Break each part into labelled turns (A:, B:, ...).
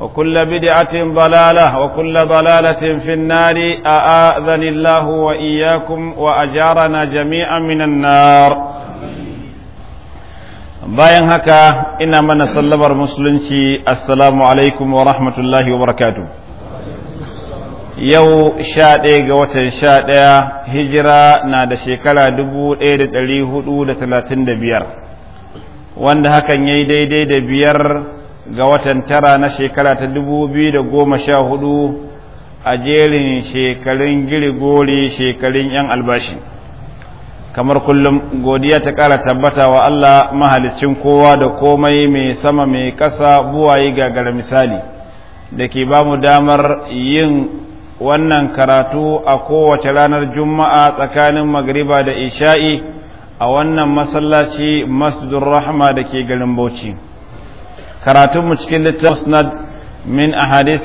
A: وكل بدعة ضلالة وكل ضلالة في النار أآذن الله وإياكم وأجارنا جميعا من النار bayan haka ina mana sallabar musulunci assalamu alaikum wa rahmatullahi wa barakatu yau sha ɗaya ga watan sha ɗaya hijira na da shekara dubu ɗaya da ɗari hudu da talatin da biyar wanda hakan ya yi daidai da biyar ga watan tara na shekara ta dubu biyu da goma sha hudu a jerin shekarun girigori shekarun 'yan albashi kamar kullum godiya ta ƙara tabbata wa Allah mahalicin kowa da komai mai sama mai ƙasa buwaye gagara misali da ke ba mu damar yin wannan karatu a kowace ranar juma'a tsakanin magariba da isha'i a wannan masallaci masjidun rahama da ke garin bauchi. Karatun mu cikin littafin من أحاديث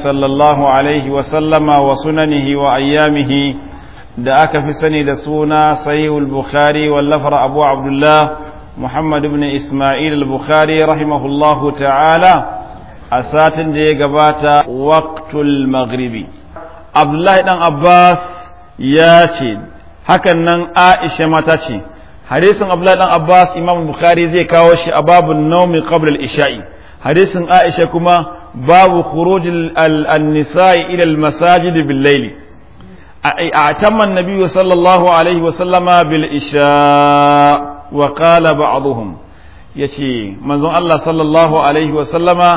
A: sallallahu alaihi wa sallama wa وسلم wa وأيامه da aka fi sani da suna sahihul bukhari wallafar abu abdullah muhammad ibn isma'il al-bukhari rahimahullahu ta'ala a satin da ya gabata waqtul maghribi abdullahi dan abbas ya ce hakan nan aisha mata ce hadisin abdullahi dan abbas imam bukhari zai kawo shi a babu naumi qabla al-isha'i hadisin aisha kuma babu khuruj al-nisa'i ila al-masajid bil-layl atamma an-nabiy sallallahu alaihi wa sallama bil-isha wa qala ba'dhum manzon Allah sallallahu alaihi wa sallama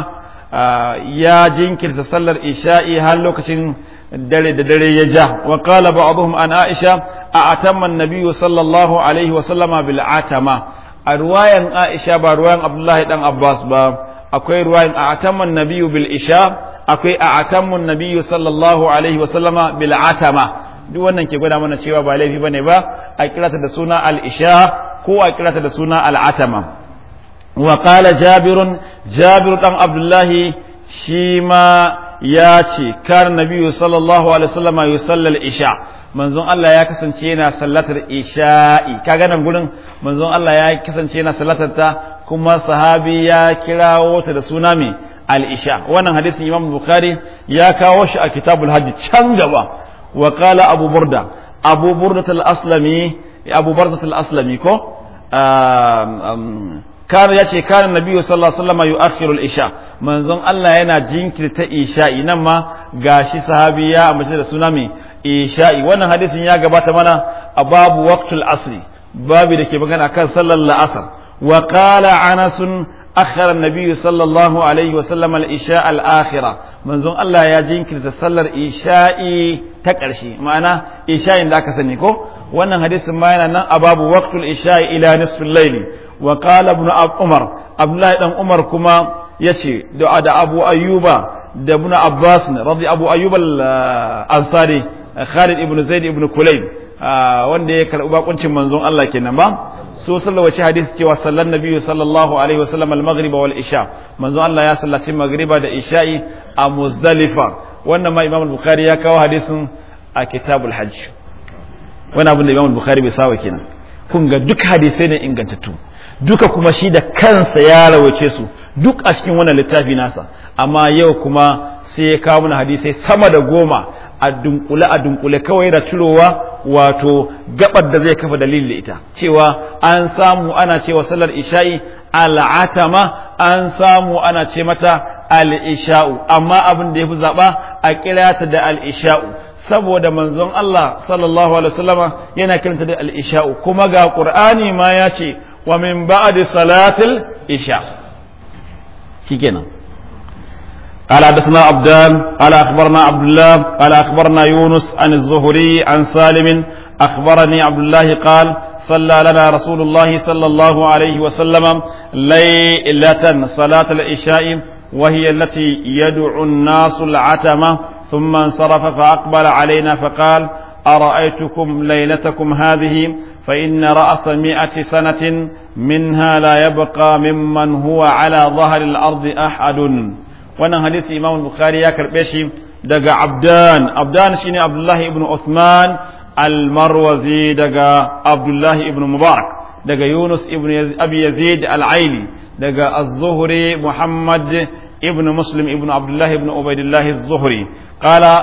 A: ya jinkirta sallar isha'i har lokacin dare da dare ya ja wa an aisha a atamman nabiyyu sallallahu alaihi wa sallama bil atama a ruwayan Aisha ba ruwayan Abdullahi dan Abbas ba akwai ruwayan a atamman nabiyyu bil isha akwai a atamman nabiyyu sallallahu alaihi wa sallama bil atama duk wannan ke gwada mana cewa ba laifi bane ba a kirata da suna al isha ko a kirata da suna al atama wa qala jabirun jabir dan Abdullahi shi ma ya ce kar nabiyyu sallallahu alaihi wa sallama yusalla al isha manzon Allah ya kasance yana sallatar isha'i kaga nan gurin manzon Allah ya kasance yana sallatar ta kuma sahabi ya kirawo ta da suna mai al-isha wannan hadisin Imam Bukhari ya kawo shi a kitabul hajji can gaba wa qala Abu Burda Abu Burda al-Aslami Abu Burda al-Aslami ko kana ya ce kana nabi sallallahu alaihi wasallam yu'akhiru al-isha manzon Allah yana jinkirta isha'i nan ma gashi sahabi ya amince da suna mai isha'i wannan hadisin ya gabata mana a babu waqtul asri babu da ke magana kan sallar la'asar wa qala anasun akhara nabiyyu sallallahu alaihi wa sallam al isha al akhira manzon Allah ya jinkirta sallar isha'i ta karshe ma'ana isha'i da aka sani ko wannan hadisin ma yana nan a babu waqtul isha'i ila nisfil layli wa qala ibn umar abdullahi dan umar kuma yace da abu ayyuba da ibn abbas radi abu ayyuba al eh, ansari Khalid ibn Zaid ibn Kulayb ah, wanda ya karɓi bakuncin manzon Allah kenan ba so sallawace hadisi cewa sallan nabiyyu sallallahu alaihi wasallam al-maghrib wal isha manzon Allah ya sallaci magriba da isha'i a Muzdalifa wannan ma Imam al-Bukhari ya kawo hadisin a Kitabul Hajj wannan abin da Imam al-Bukhari bai sawa kenan kun ga duk hadisai ne ingantattu duka kuma shi da kansa ya rawace su duk a cikin wannan littafi nasa amma yau kuma sai ya kawo mana hadisai sama da goma a dunkule a dunkule kawai da tulowa wato gabar da zai kafa dalili ita cewa an samu ana cewa sallar isha'i al'atama an samu ana ce mata al'isha'u amma abin da ya fi zaɓa a kirata da al'isha'u saboda manzon Allah sallallahu alaihi wasallama yana kiranta da al'isha'u kuma ga Qur'ani ma ya ce wa min ba'di salatil isha shikenan قال حدثنا عبدان قال أخبرنا عبد الله قال أخبرنا يونس عن الزهري عن سالم أخبرني عبد الله قال صلى لنا رسول الله صلى الله عليه وسلم ليلة صلاة العشاء وهي التي يدعو الناس العتمة ثم انصرف فأقبل علينا فقال أرأيتكم ليلتكم هذه فإن رأس مئة سنة منها لا يبقى ممن هو على ظهر الأرض أحد wannan hadisi imam bukhari ya karɓe shi daga abdan abdan shine abdullahi ibn usman al-marwazi daga abdullahi ibn mubarak daga yunus ibn abi yazid al-aili daga az-zuhri muhammad ibn muslim ibn abdullahi ibn ubaidillahi zuhri qala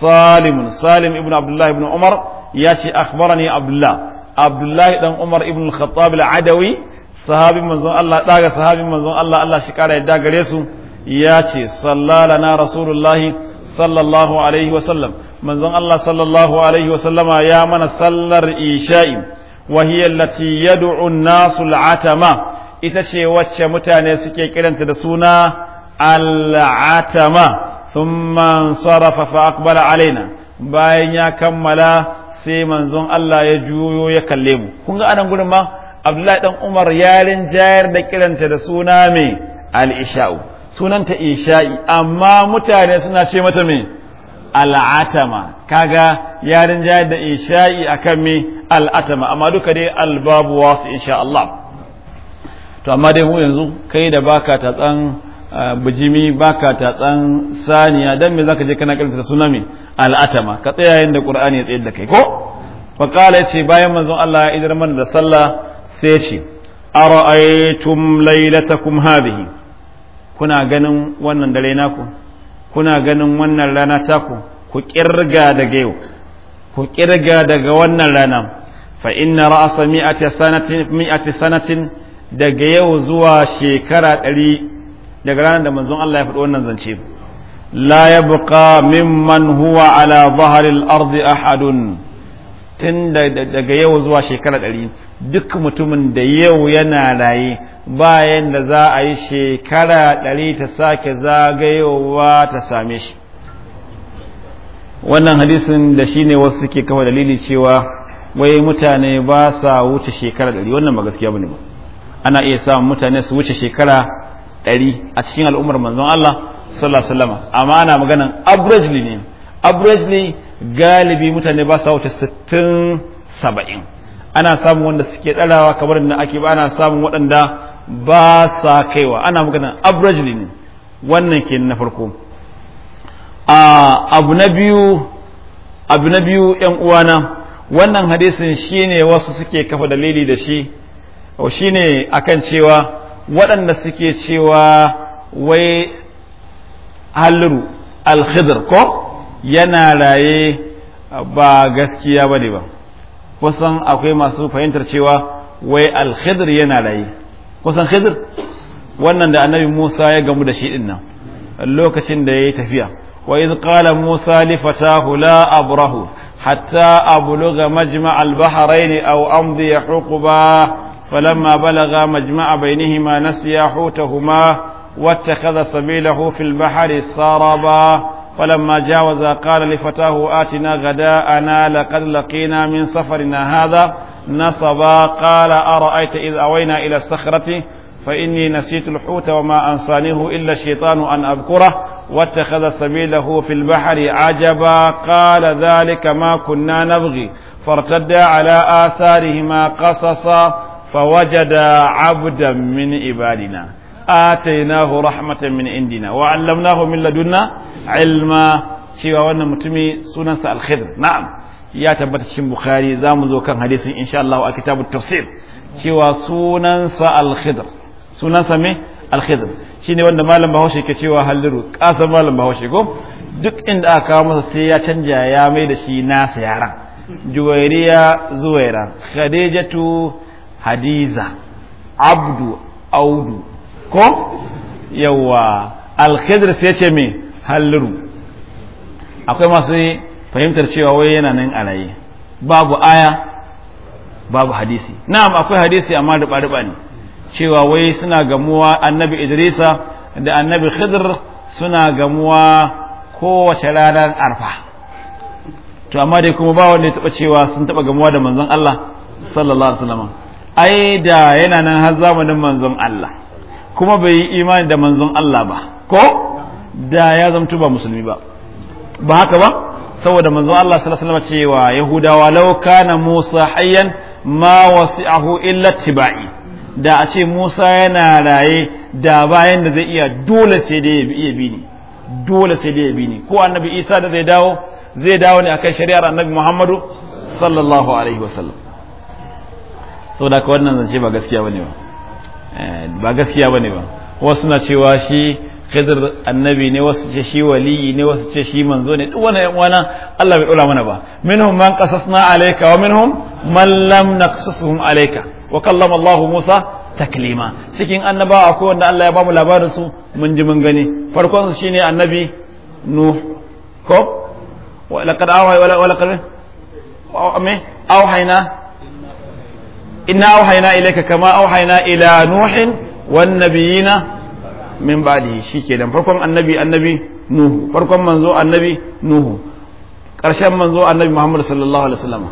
A: salim salim ibn abdullahi ibn umar ya shi akhbarani abdullah abdullahi dan umar ibn al-khattab al-adawi sahabi manzon allah daga sahabi manzon allah allah shi kara ya dagare ya ce sallalana rasulullahi sallallahu alaihi wasallam manzon Allah sallallahu alaihi wasallama ya mana sallar isha'i wa hiya allati yad'u an-nasu al ita ce wacce mutane suke kiranta da suna al-atama thumma ansarafa alaina bayan ya kammala sai manzon Allah ya juyo ya kalle mu kun ga anan gurin ma Abdullahi dan Umar ya rinjayar da kiranta da suna mai Al'isha'u. sunanta isha'i amma mutane suna ce mata mai al'atama kaga yarin jayar da isha'i akan mai al'atama amma duka dai albabu wasu insha Allah to amma dai mu yanzu kai da baka tatsan bijimi baka tatsan saniya don me zaka je kana karanta suna al'atama ka tsaya yayin da qur'ani ya tsayar da kai ko fa ce bayan manzon Allah ya idar mana da sallah sai ce ara'aytum laylatakum hadhihi kuna ganin wannan dare naku kuna ganin wannan rana taku ku kirga daga yau ku kirga daga wannan rana fa inna ra'sa mi'ati sanatin mi'ati sanatin daga yau zuwa shekara ɗari daga ranar da manzon Allah ya faɗi wannan zance la yabqa mimman huwa ala dhahril ardi ahadun tun daga yau zuwa shekara ɗari duk mutumin da yau yana raye bayan da za a yi shekara ɗari ta sake zagayowa ta same shi wannan hadisin da shi ne wasu suke kawai dalili cewa wai mutane ba sa wuce shekara ɗari wannan ba gaskiya ba ba ana iya samun mutane su wuce shekara ɗari a cikin al'ummar manzon Allah sallallahu alaihi wasallam amma ana maganan averagely ne averagely galibi mutane ba su wuce sittin saba'in ana samun wanda suke ɗarawa kamar da ake ba ana samun waɗanda ba sa kaiwa ana magana average ne wannan ke na farko abu na biyu abu na biyu yan uwana wannan hadisin shine wasu suke kafa dalili da shi shine akan cewa waɗanda suke cewa wai halluru alhidr ko yana raye ba gaskiya ba ne ba kusan akwai masu fahimtar cewa wai alkhidr yana raye kusan khidr wannan da annabi musa ya gamu da shi din nan lokacin da ya yi tafiya wa iz qala musa li fatahu la abrahu hatta abluga majma' al-bahrayn aw amdi huquba falamma balaga majma' bainihima nasiya hutahuma واتخذ سبيله في البحر سربا فلما جاوز قال لفتاه آتنا غداءنا لقد لقينا من سفرنا هذا نصبا قال أرأيت إذ أوينا إلى الصخرة فإني نسيت الحوت وما أنسانيه إلا الشيطان أن أذكره واتخذ سبيله في البحر عجبا قال ذلك ما كنا نبغي فارتدا على آثارهما قصصا فوجدا عبدا من عبادنا آتيناه رحمة من عندنا وعلمناه من لدنا ilma cewa wannan mutumi sunansa alkhidr na'am ya tabbata cikin bukhari zamu zo kan hadisin insha Allah a kitabut tafsir cewa sunansa alkhidr sunansa me alkhidr shine wanda malam bahaushe ke cewa halliru kasa malam bahaushe ko duk inda aka kawo masa sai ya canja ya mai da shi nasa yaran juwairiya zuwaira khadijatu hadiza abdu audu ko yawa alkhidr sai ce me halliru akwai masu fahimtar cewa wai yana nan a raye babu aya babu hadisi na'am akwai hadisi amma da riba ne cewa wai suna gamuwa annabi idrisa da annabi khidr suna gamuwa kowace ranar arfa to amma dai kuma ba wanda ya taba cewa sun taba gamuwa da manzon Allah sallallahu alaihi wasallam ai da yana nan har zamanin manzon Allah kuma bai yi imani da manzon Allah ba ko da ya zamtu ba musulmi ba ba haka ba saboda manzo Allah sallallahu alaihi wasallam cewa yahudawa law kana Musa hayyan ma wasi'ahu illa tibai da a ce Musa yana raye da bayan da zai iya dole sai dai ya iya bi ni dole sai dai ya bi ni ko annabi Isa da zai dawo zai dawo ne akan shari'ar annabi Muhammadu sallallahu alaihi wasallam saboda ka wannan zance ba gaskiya bane ba eh, ba gaskiya bane ba wasu na cewa shi khidr annabi ne wasu ce shi waliyi ne wasu ce shi manzo ne duk wannan wana Allah bai dora mana ba minhum man qasasna alayka wa minhum man lam naqsasuhum alayka wa kallama Allah Musa taklima cikin annabawa akwai wanda Allah ya bamu labarin su mun ji mun gani farkon su shine annabi nuh ko wa laqad awha wa laqad awhayna inna awhayna ilayka kama awhayna ila nuhin wan nabiyina min ba'di shikenan farkon annabi annabi nuhu farkon manzo annabi nuhu ƙarshen manzo annabi muhammad sallallahu alaihi wasallam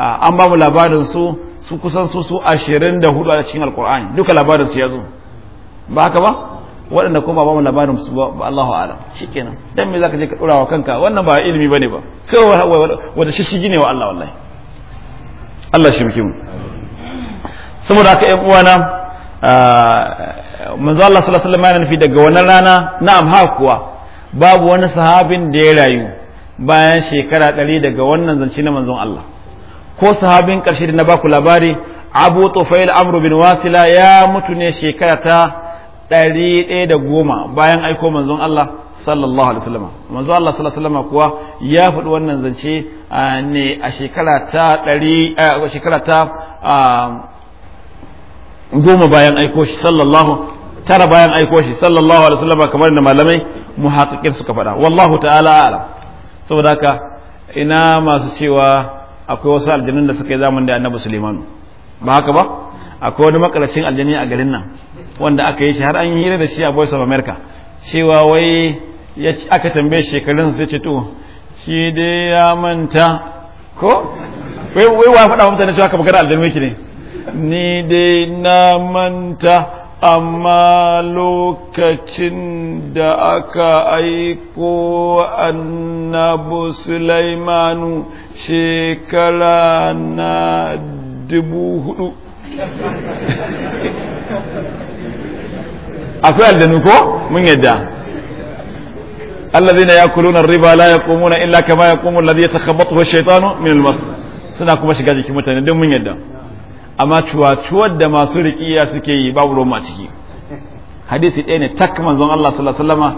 A: an ba mu labarin su su kusan su su ashirin da hudu a cikin alqur'ani duka labarin su ya zo ba haka ba waɗanda kuma ba mu labarin su ba Allahu a'lam shikenan dan me zaka je ka dora wa kanka wannan ba ilimi bane ba kawai wanda shi shige ne wa Allah wallahi Allah shi muke mu saboda haka ƴan uwana manzo Allah sallallahu alaihi wasallam nufi daga wannan rana na'am ha kuwa babu wani sahabin da ya rayu bayan shekara ɗari daga wannan zance na manzon Allah ko sahabin ƙarshe da na baku labari Abu Tufail Amr bin Wasila ya mutu ne shekara ta ɗari ɗaya da goma bayan aiko manzon Allah sallallahu alaihi wasallam manzon Allah sallallahu alaihi wasallam kuwa ya faɗi wannan zance eh, ne a shekara ta ɗari eh, shekara ta ah, goma bayan aiko shi sallallahu tara bayan aiko shi sallallahu alaihi wasallam kamar da malamai muhaqqiqin suka faɗa wallahu ta'ala a'lam saboda haka ina masu cewa akwai wasu aljanun da suka yi zamanin da annabi Sulaiman ba haka ba akwai wani makalacin aljani a garin nan wanda aka yi shi har an yi hira da shi a Voice of America cewa wai ya aka tambaye shekarun sai ce to shi dai ya manta ko wai wai wa faɗa mutane cewa ka magana aljanu ne ni dai na manta amma lokacin da aka aiko annabu sulaimanu shekara na dubu hudu akwai aldanu ko mun yadda الذين يأكلون الربا لا يقومون إلا كما يقوم الذي يتخبطه الشيطان من المصر kuma shiga شكاجي mutane, دون من yadda. amma cuwa-cuwar da masu riƙiya suke yi babu roma ciki hadisi ɗaya ne tak manzon Allah sallallahu alaihi wasallama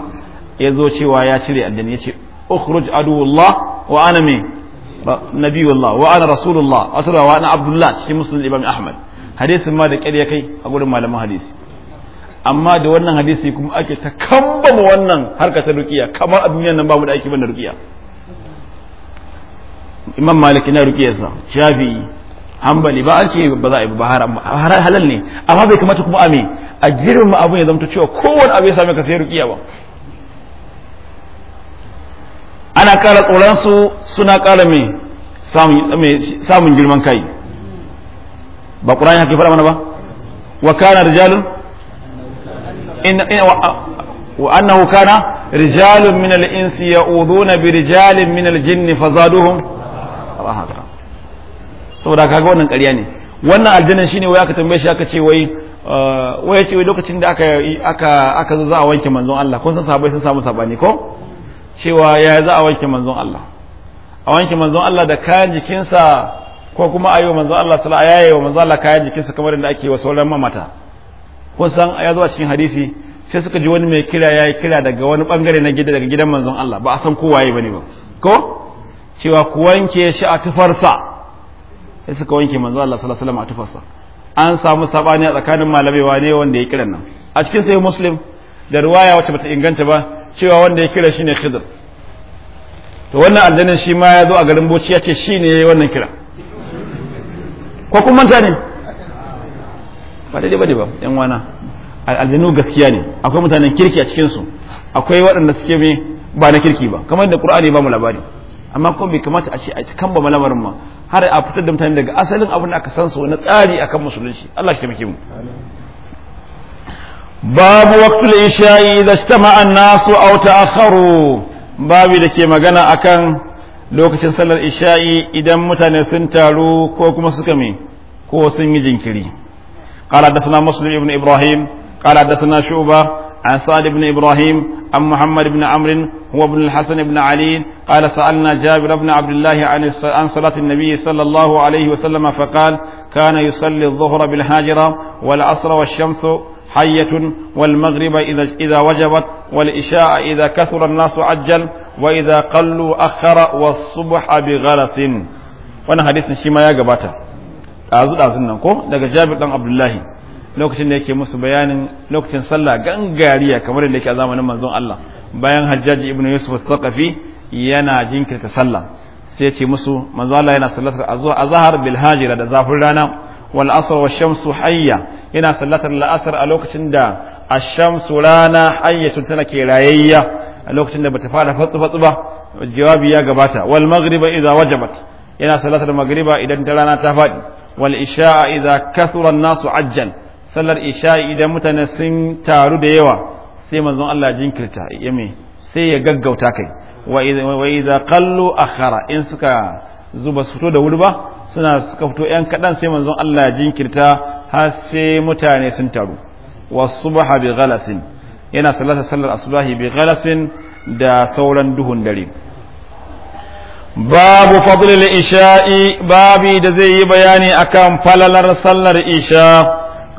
A: ya zo cewa ya cire addini ya ce ukhruj aduwullah wa ana me nabiyullah wa ana rasulullah asra wa ana abdullah cikin muslim ibn ahmad hadisin ma da ƙarya ya kai a gurin malaman hadisi amma da wannan hadisi kuma ake ta kambama wannan harka ta rukiya kamar a duniyar nan babu da ake bane rukiya imam malik na rukiyarsa shafi'i hanbali ba an ce ba za a yi ba halal ne amma bai kamata kuma a me a girma abin ya zamta cewa kowane abu ya same ka sai rukiya ba ana kara su suna kara me samun girman kai ba ƙurani haka faɗa mana ba wa kana rijalun wa annahu kana rijalun min al-insi ya'uduna bi rijalin min al-jinni fazaduhum rahaqa saboda kaga wannan ƙarya ne wannan aljannan shine wai aka tambaye shi aka ce wai uh, wai yace wai lokacin da aka aka aka zo za a wanke manzon Allah kun san sahabbai sun samu sabani ko cewa ya za a wanke manzon Allah a wanke manzon Allah da kayan jikinsa ko kuma ayo manzon Allah sallallahu alaihi wa manzon Allah kayan jikinsa kamar da ake wa sauran mamata kun san ya zo a cikin hadisi sai suka ji wani mai kira yayi kira daga wani bangare na gida daga gidan manzon Allah ba a san ko waye bane ba ko cewa ku wanke shi a tufarsa sai suka wanke manzo Allah sallallahu alaihi wasallam a tufarsa an samu sabani a tsakanin malamai wane wanda ya kiran nan a cikin sai muslim da ruwaya wacce bata inganta ba cewa wanda ya kira shine khidr to wannan aljannin shi ma ya zo a garin boci ya ce shine yayi wannan kira ko kun manta ne ba daidai ne ba yan wana aljannu gaskiya ne akwai mutanen kirki a cikin su akwai waɗanda suke mai ba na kirki ba kamar da qur'ani ba mu labari amma kuma bai kamata a ce a ba malamarin ma har a fitar da mutane daga asalin abin da aka san su na tsari akan musulunci Allah shi taimake mu babu waqtul isha'i idza istama'a an-nasu aw ta'akharu babu da ke magana akan lokacin sallar isha'i idan mutane sun taru ko kuma suka me ko sun yi jinkiri قال حدثنا مسلم Ibrahim ابراهيم قال حدثنا شعبه عن سعد بن إبراهيم عن محمد بن عمرو هو ابن الحسن بن علي قال سألنا جابر بن عبد الله عن صلاة النبي صلى الله عليه وسلم فقال كان يصلي الظهر بالهاجرة والعصر والشمس حية والمغرب إذا, إذا وجبت والإشاء إذا كثر الناس عجل وإذا قلوا أخر والصبح بغلط وانا حديث شيما يا جباتا أعزل أعزلنا نقول لك جابر بن عبد الله lokacin da yake musu bayanin lokacin sallah gangariya kamar da yake a zamanin manzon Allah bayan hajjaji ibn Yusuf al-Thaqafi yana jinkirta sallah sai ya ce musu manzon Allah yana sallatar azhar bil hajira da zafin rana wal asr wash shamsu hayya yana sallatar la'asar a lokacin da ash-shamsu rana hayyatun tana ke rayayya a lokacin da bata fara fatsu fatsu ba jawabi ya gabata wal maghriba idza wajabat yana sallatar maghriba idan ta rana ta faɗi wal isha'a idza kathura an-nasu ajjal sallar isha'i idan mutane sun taru da yawa sai manzon Allah jinkirta ya sai ya gaggauta kai wa idza qallu akhara in suka zuba su fito da wuri ba suna suka fito yan kadan sai manzon Allah jinkirta har sai mutane sun taru wasubha bi ghalasin yana salata sallar asubahi bi ghalasin da sauran duhun dare
B: babu fadlil
A: isha'i babi da zai yi bayani akan falalar sallar isha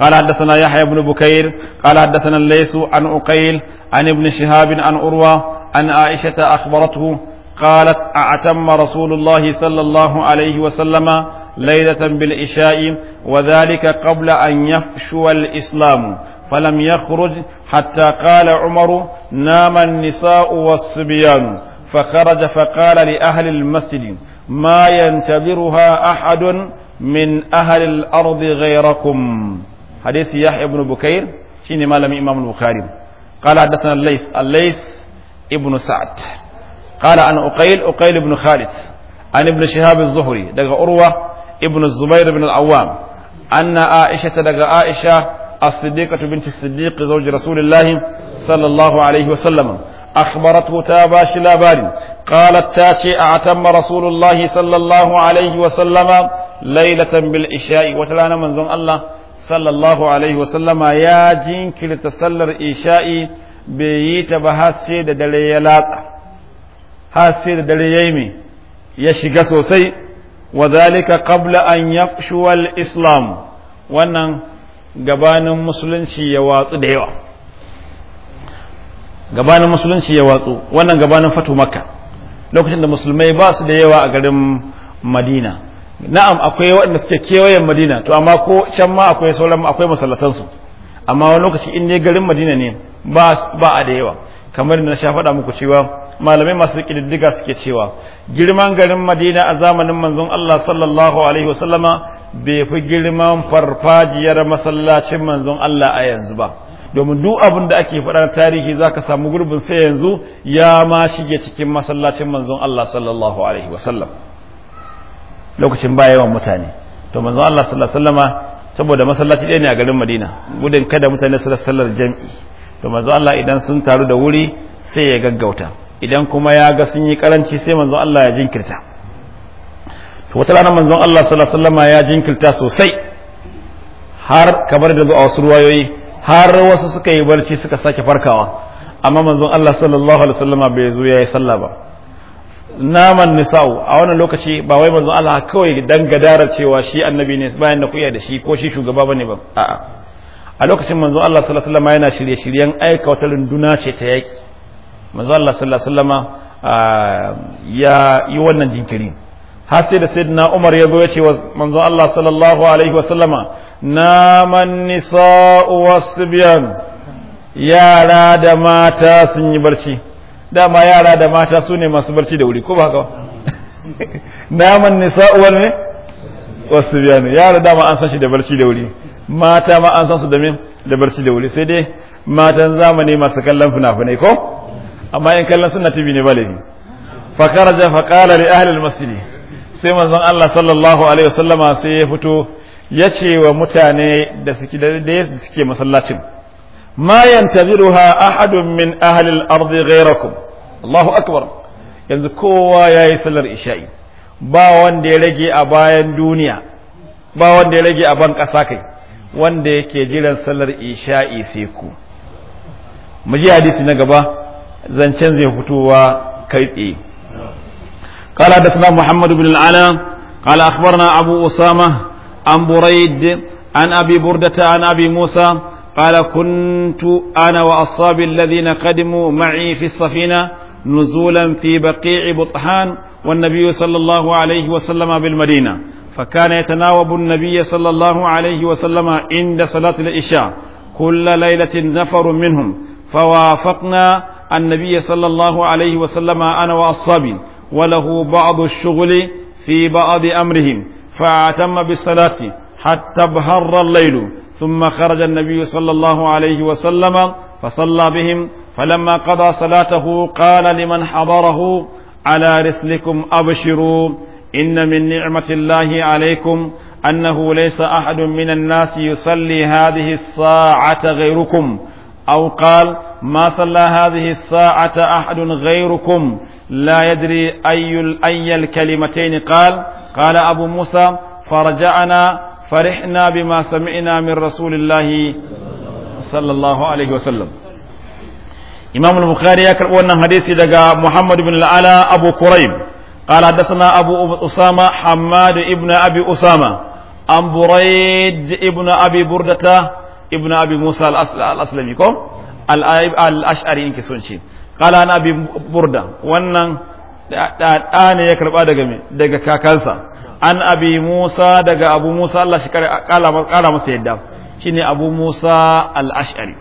A: قال حدثنا يحيى بن بكير قال حدثنا الليس عن عقيل عن ابن شهاب عن أروى عن عائشة أخبرته قالت أعتم رسول الله صلى الله عليه وسلم ليلة بالعشاء وذلك قبل أن يفشو الإسلام فلم يخرج حتى قال عمر نام النساء والصبيان فخرج فقال لأهل المسجد ما ينتظرها أحد من أهل الأرض غيركم حديث يحيى بن بكير شيني مالم إمام البخاري قال حدثنا الليث الليث ابن سعد قال عن أقيل أقيل بن خالد عن ابن شهاب الزهري دقى أروة ابن الزبير بن العوام أن عائشة دقى عائشة الصديقة بنت الصديق زوج رسول الله صلى الله عليه وسلم أخبرته تابا شلابان قالت تاتي أعتم رسول الله صلى الله عليه وسلم ليلة بالعشاء وتلانا من ذن الله sallallahu alaihi wasallama ya jinkirta sallar isha'i bai yi ta ba har sai da dare ya latsa har sai da dare ya yi ya shiga sosai wazalika zalika qabla an yaqshuwa al-islam wannan gabanin musulunci ya watsu wannan fatu makka lokacin da musulmai ba su da yawa a garin madina na'am akwai waɗanda suke kewayen madina to amma ko can ma akwai sauran akwai masallatansu amma wani lokaci in dai garin madina ne ba a da yawa kamar na sha faɗa muku cewa malamai masu kididdiga suke cewa girman garin madina a zamanin manzon allah sallallahu alaihi wasallama bai fi girman farfajiyar masallacin manzon allah a yanzu ba domin duk abin da ake faɗa na tarihi zaka samu gurbin sai yanzu ya ma shige cikin masallacin manzon allah sallallahu alaihi wasallam lokacin ba yawan mutane to manzo Allah sallallahu alaihi wasallam saboda masallaci ɗaya ne a garin Madina gudun kada mutane su sallar jami'i to manzo Allah idan sun taru da wuri sai ya gaggauta idan kuma ya ga sun yi karanci sai manzo Allah ya jinkirta to wata rana manzo Allah sallallahu alaihi wasallam ya jinkirta sosai har kamar da zuwa wasu ruwayoyi har wasu suka yi barci suka sake farkawa amma manzon Allah sallallahu alaihi wasallam bai zo yayi sallah ba naman nisa'u a wannan lokaci ba wai manzon Allah kawai dan gadara cewa shi annabi ne bayan da kuya da shi ko shi shugaba bane ba a'a a lokacin manzon Allah sallallahu alaihi wasallam yana shirye-shiryen aika wata runduna ce ta yaki manzon Allah sallallahu alaihi wasallam ya yi wannan jinkiri har sai da sayyidina Umar ya zo ya ce wa manzon Allah sallallahu alaihi wasallam naman nisa'u wasbiyan yara da mata sun yi barci dama yara da mata su ne masu barci da wuri ko ba haka naman nisa'u wal ne wasu biyanu yara dama an san shi da barci da wuri mata ma an san su da min da barci da wuri sai dai matan zamani masu kallon fina-finai ko amma in kallon suna tv ne ba laifi fakaraja fakala li ahli al-masjid sai manzon Allah sallallahu alaihi wasallama sai ya fito ya ce wa mutane da suke masallacin ma yantaziruha ahadun min ahli al-ard Allahu akbar yanzu kowa yayi sallar isha'i ba wanda ya rage a bayan duniya ba wanda ya rage a ban ƙasa kai wanda yake jiran sallar isha'i sai ku mu ji hadisi na gaba zancen zai fitowa kai tsaye قال حدثنا محمد بن العلاء قال أخبرنا أبو أسامة عن بريد عن أبي بردة عن أبي موسى قال كنت أنا وأصحابي الذين قدموا معي في السفينة نزولا في بقيع بطحان والنبي صلى الله عليه وسلم بالمدينة فكان يتناوب النبي صلى الله عليه وسلم عند صلاة العشاء كل ليلة نفر منهم فوافقنا النبي صلى الله عليه وسلم أنا وأصحابي وله بعض الشغل في بعض أمرهم فأتم بالصلاة حتى ابهر الليل ثم خرج النبي صلى الله عليه وسلم فصلى بهم فلما قضى صلاته قال لمن حضره على رسلكم أبشروا إن من نعمة الله عليكم أنه ليس أحد من الناس يصلي هذه الساعة غيركم أو قال ما صلى هذه الساعة أحد غيركم لا يدري أي أي الكلمتين قال قال أبو موسى فرجعنا فرحنا بما سمعنا من رسول الله صلى الله عليه وسلم إمام البخاري يكرر أن حديث دقى محمد بن العلاء أبو كريب قال حدثنا أبو أسامة حماد ابن أبي أسامة عن بريد ابن أبي بردة ابن أبي موسى الأسلمي كم الأشعري إنك سنشي قال أنا أبي بردة وأن ɗa ne ya karɓa daga kakansa an abi musa daga abu musa Allah shi kara masa yadda shine abu musa al-ash'ari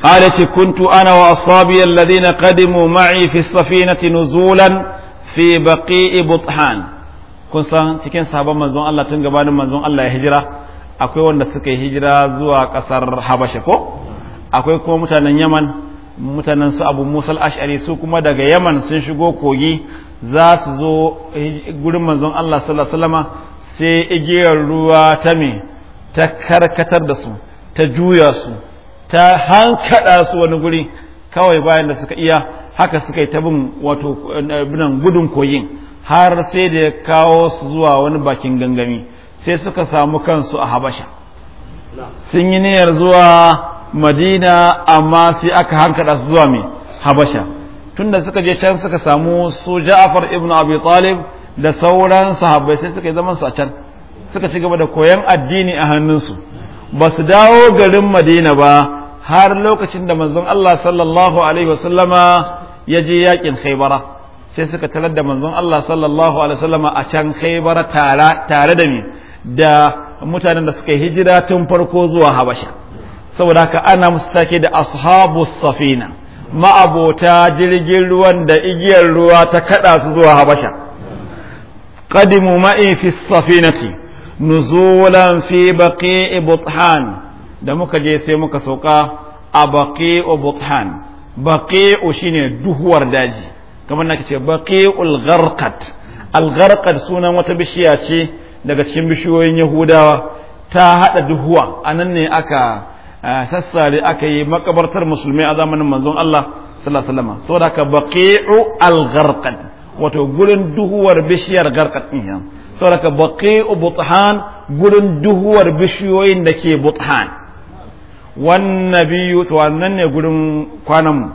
A: qala shi kuntu ana wa ashabi alladhina qadimu ma'i fi safinati nuzulan fi baqi'i buthan kun san cikin sabon manzon Allah tun gabanin manzon Allah ya hijira akwai wanda suka yi hijira zuwa kasar Habasha ko akwai kuma mutanen Yaman mutanen su Abu Musa al-Ash'ari su kuma daga Yaman sun shigo kogi za su zo gurin manzon Allah sallallahu alaihi sai igiyar ruwa ta me ta karkatar da su ta juya su ta hankada su wani guri kawai bayan da suka iya haka suka yi ta bin wato binan gudun koyin har sai da ya kawo su zuwa wani bakin gangami sai suka samu kansu a habasha sun yi niyyar zuwa madina amma sai aka hankada su zuwa mai habasha tunda suka je can suka samu su Ja'far ibn Abi Talib da sauran sahabbai sai suka yi zaman su a can suka ci gaba da koyan addini a hannunsu ba su dawo garin Madina ba har lokacin da manzon Allah sallallahu alaihi wasallama ya je yakin Khaybara sai suka tarar da manzon Allah sallallahu alaihi wasallama a can Khaybara tare da ni da mutanen da suka hijira tun farko zuwa Habasha saboda haka ana musu take da ashabus safina ma'abota jirgin ruwan da igiyar ruwa ta kada su zuwa habasha qadimu ma'i fi safinati nuzulan fi baqi'i buthan da muka je sai muka sauka a baqi'u buthan baqi'u shine duhuwar daji kamar nake ce baqi'ul gharqat al gharqat sunan wata bishiya ce daga cikin bishiyoyin yahudawa ta hada duhuwa anan ne aka Eh, sassare aka yi makabartar musulmi a zamanin manzon Allah sallallahu alaihi wasallam saboda ka baqi'u al-gharqad wato gurin duhuwar bishiyar garqad din yan saboda ka baqi'u buthan gurin duhuwar bishiyoyin da ke buthan wan nabiyyu to wannan ne gurin kwanan mu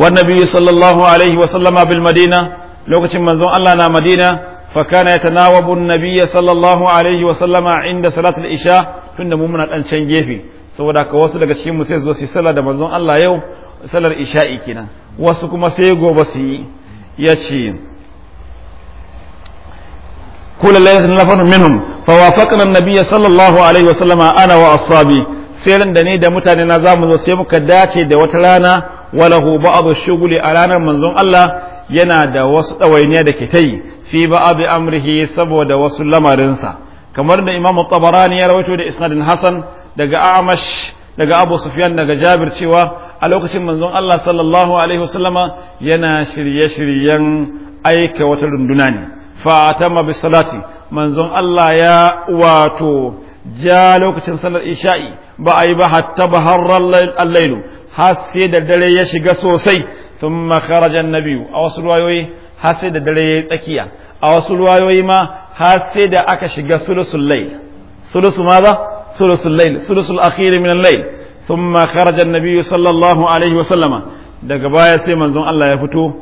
A: wan nabiyyu sallallahu alaihi wasallama bil madina lokacin manzon Allah na madina فكان يتناوب النبي صلى الله عليه وسلم عند صلاة العشاء tunda mu muna dan can saboda ka wasu daga cikin mu sai zo su sallah da manzon Allah yau sallar isha'i kenan wasu kuma sai gobe su yi ya ce kula laysa nafar minhum fa wafaqna an-nabiy sallallahu alaihi wa sallama ana wa ashabi sai ran da ne da mutane na zamu zo sai muka dace da wata rana walahu ba'd shuguli a ranar manzon Allah yana da wasu dawainiya da ke tai fi ba'd amrihi saboda wasu lamarinsa kamar da Imam Tabarani ya rawaito da isnadin Hasan daga amash daga abu sufyan daga jabir cewa a lokacin manzon Allah sallallahu alaihi wasallama yana shirye-shiryen aika wata runduna ne fatama bi salati manzon Allah ya wato ja lokacin sanar isha'i ba a yi ba hatta ba harrar allailu har sai da dare ya shiga sosai sun makarajan na biyu a wasu ruwayoyi har sai da dare ya yi tsakiya a wasu ruwayoyi ma har sai da aka shiga sulusun lai sulusu ma za ثلث الليل ثلث الأخير من الليل ثم خرج النبي صلى الله عليه وسلم daga baya sai manzon Allah ya fito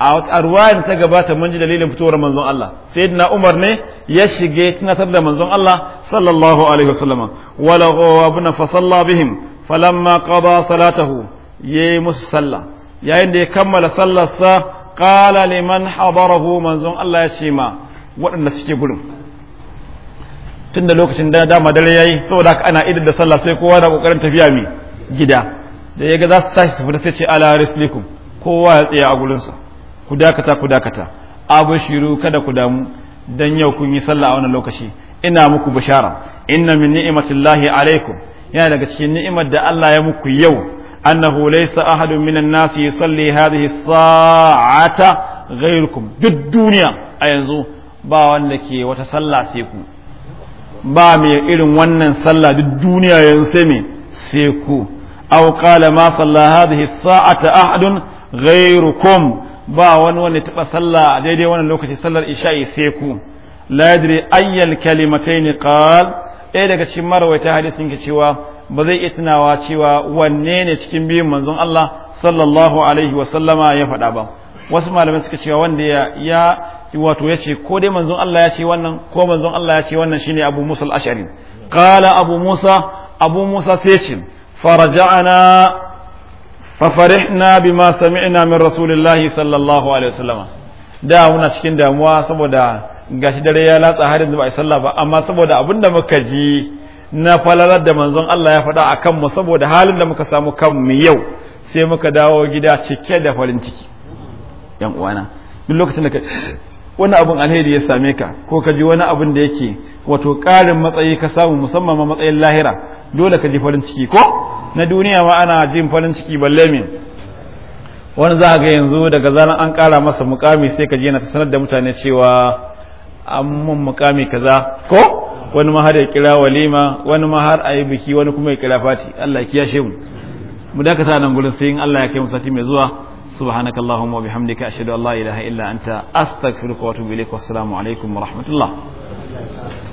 A: a ruwayar ta gabata mun ji dalilin fitowar manzon Allah na Umar ne ya shige tunatar da manzon Allah sallallahu alaihi wasallama wala ghawabun fa salla bihim falamma qada salatahu yayi musu sallah yayin da ya kammala sallarsa qala liman habarahu manzon Allah ya ce ma waɗanda suke gurin tun da lokacin da dama dare yi, saboda haka ana idar da sallah sai kowa na kokarin tafiya mai gida da ga za su tashi su fita sai ce ala rislikum kowa ya tsaya a gurinsa ku dakata ku dakata abushiru kada ku damu dan yau kun yi sallah a wannan lokaci ina muku bishara inna min ni'matillahi alaikum yana daga cikin ni'imar da Allah ya muku yau annahu laysa ahadun minan nasi yusalli hadhihi sa'ata ghayrukum duk duniya a yanzu ba wanda ke wata sallah sai ku ba mai irin wannan sallah duk duniya yanzu me sai ku aw qala ma salla hadhihi sa'ata ahadun ghayrukum ba wani wanda taba sallah daidai wannan lokaci sallar isha'i sai ku la yadri ayyal kalimatayn qal ɗaya daga cikin marawaita hadisin ke cewa ba zai iya tunawa cewa wanne ne cikin biyun manzon Allah sallallahu alaihi wa sallama ya faɗa ba wasu malamai suka cewa wanda ya wato ya ce ko dai manzon Allah ya ce wannan ko manzon Allah ya ce wannan shine Abu Musa al-Ash'ari qala Abu Musa Abu Musa sai ce faraja'na fa farihna bima sami'na min Rasulillahi sallallahu alaihi wasallam da muna cikin damuwa saboda gashi dare ya latsa har yanzu ba a sallah ba amma saboda abinda muka ji na falalar da manzon Allah ya faɗa akan mu saboda halin da muka samu kanmu yau sai muka dawo gida cike da farin ciki yan uwana duk lokacin da wani abin alheri ya same ka ko ka ji wani abun da yake wato ƙarin matsayi ka samu musamman ma matsayin lahira dole ka ji farin ciki ko na duniya ma ana jin farin ciki balle min wani za ga yanzu daga zaran an ƙara masa mukami sai ka ji na sanar da mutane cewa an mun mukami kaza ko wani ma har ya kira walima wani ma har a yi biki wani kuma ya kira fati Allah ya kiyashe mu mu dakata nan gurin sai in Allah ya kai mu sati mai zuwa subhanakallahumma wa bihamdika ashhadu la ilaha illa anta astaghfiruka wa atubu ilaik wassalamu alaikum wa